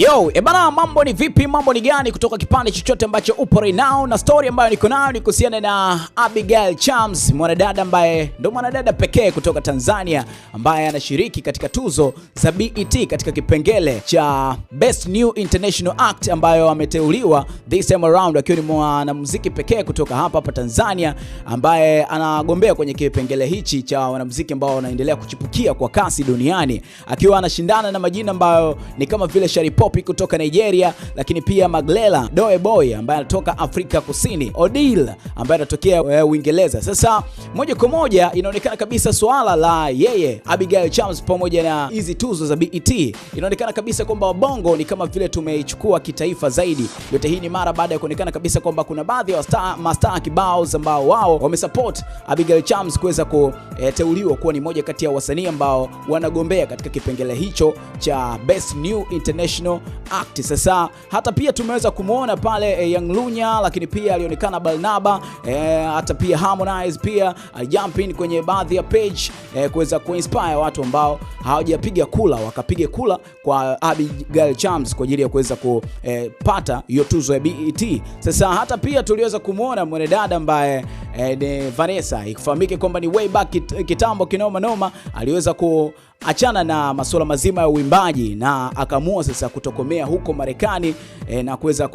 Yo, ebana eh, mambo ni vipi? Mambo ni gani kutoka kipande chochote ambacho upo right now, na story ambayo niko nayo ni kuhusiana na Abigail Chams, mwanadada ambaye ndo mwanadada pekee kutoka Tanzania ambaye anashiriki katika tuzo za BET katika kipengele cha Best New International Act ambayo ameteuliwa this time around, akiwa ni mwanamuziki pekee kutoka hapa hapa Tanzania ambaye anagombea kwenye kipengele hichi cha wanamuziki ambao wanaendelea kuchipukia kwa kasi duniani, akiwa anashindana na majina ambayo ni kama vile Sharipo Popi kutoka Nigeria, lakini pia Maglela Doe Boy ambaye anatoka Afrika Kusini, Odil ambaye anatokea eh, Uingereza. Sasa moja kwa moja inaonekana kabisa swala la yeye Abigail Chams pamoja na hizi tuzo za BET, inaonekana kabisa kwamba wabongo ni kama vile tumeichukua kitaifa zaidi. Yote hii ni mara baada ya kuonekana kabisa kwamba kuna baadhi ya master kibao ambao wao wamesupport Abigail Chams kuweza kuteuliwa eh, kuwa ni moja kati ya wasanii ambao wanagombea katika kipengele hicho cha Best New International act. Sasa hata pia tumeweza kumwona pale e, Young Lunya, lakini pia alionekana Barnaba e, hata pia Harmonize pia alijump in kwenye baadhi ya page e, kuweza kuinspire watu ambao hawajapiga kula wakapiga kula kwa Abigail Chams kwa ajili ya kuweza kupata hiyo tuzo ya BET. Sasa hata pia tuliweza kumwona mwanadada ambaye e, Vanessa ikifahamike kwamba ni way back kitambo kinoma noma aliweza ku achana na masuala mazima ya uimbaji na akaamua sasa kutokomea huko Marekani e, na kuweza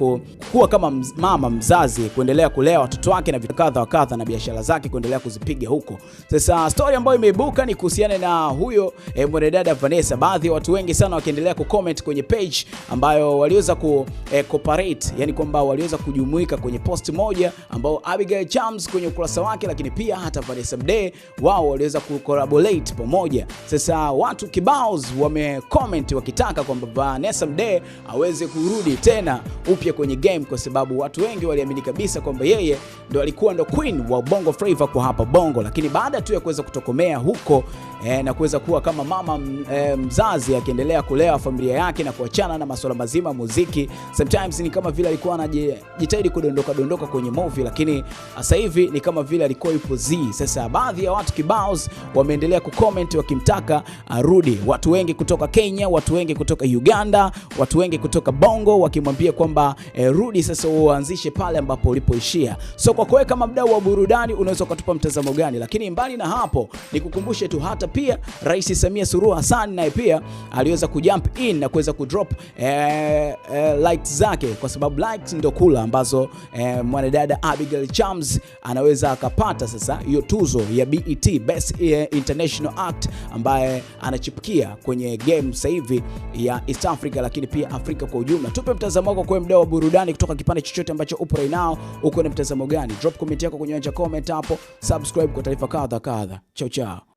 kuwa kama mz, mama mzazi kuendelea kulea watoto wake na vitu kadha wa kadha na biashara zake kuendelea kuzipiga huko. Sasa story ambayo imeibuka ni kuhusiana na huyo e, mwanadada Vanessa, baadhi ya watu wengi sana wakiendelea kucomment kwenye page ambayo waliweza ku e, cooperate, yani kwamba waliweza kujumuika kwenye post moja ambao Abigail Chams kwenye ukurasa wake, lakini pia hata Vanessa Mdee wao waliweza kucollaborate pamoja. Sasa watu kibaos wamecomment wakitaka kwamba Vanessa Mdee aweze kurudi tena upya kwenye game, kwa sababu watu wengi waliamini kabisa kwamba yeye ndo alikuwa ndo queen wa Bongo Flava kwa hapa Bongo, lakini baada tu ya kuweza kutokomea huko eh, na kuweza kuwa kama mama mm, eh, mzazi akiendelea kulea familia yake na kuachana na masuala mazima muziki, sometimes ni kama vile alikuwa anajitahidi kudondoka dondoka kwenye movie, lakini sasa hivi ni kama vile alikuwa yupo Z. Sasa baadhi ya watu kibaos wameendelea kucomment wakimtaka arudi. Watu wengi kutoka Kenya, watu wengi kutoka Uganda, watu wengi kutoka Bongo wakimwambia kwamba e, rudi sasa uanzishe pale ambapo ulipoishia. So kwa kweli kama mdau wa burudani unaweza ukatupa mtazamo gani? Lakini mbali na hapo, nikukumbushe tu hata pia Rais Samia Suluhu Hassan naye pia aliweza kujump in na kuweza kudrop e, e, likes zake kwa sababu likes ndio kula ambazo e, mwanadada Abigail Chams anaweza akapata sasa hiyo tuzo ya BET Best International Act ambaye anachipukia kwenye game sasa hivi ya East Africa, lakini pia Afrika kwa ujumla. Tupe mtazamo wako kwa mdau wa burudani kutoka kipande chochote ambacho upo right now, uko na mtazamo gani? Drop comment yako kwenye anja comment hapo, subscribe kwa taarifa kadha kadha. Chao chao.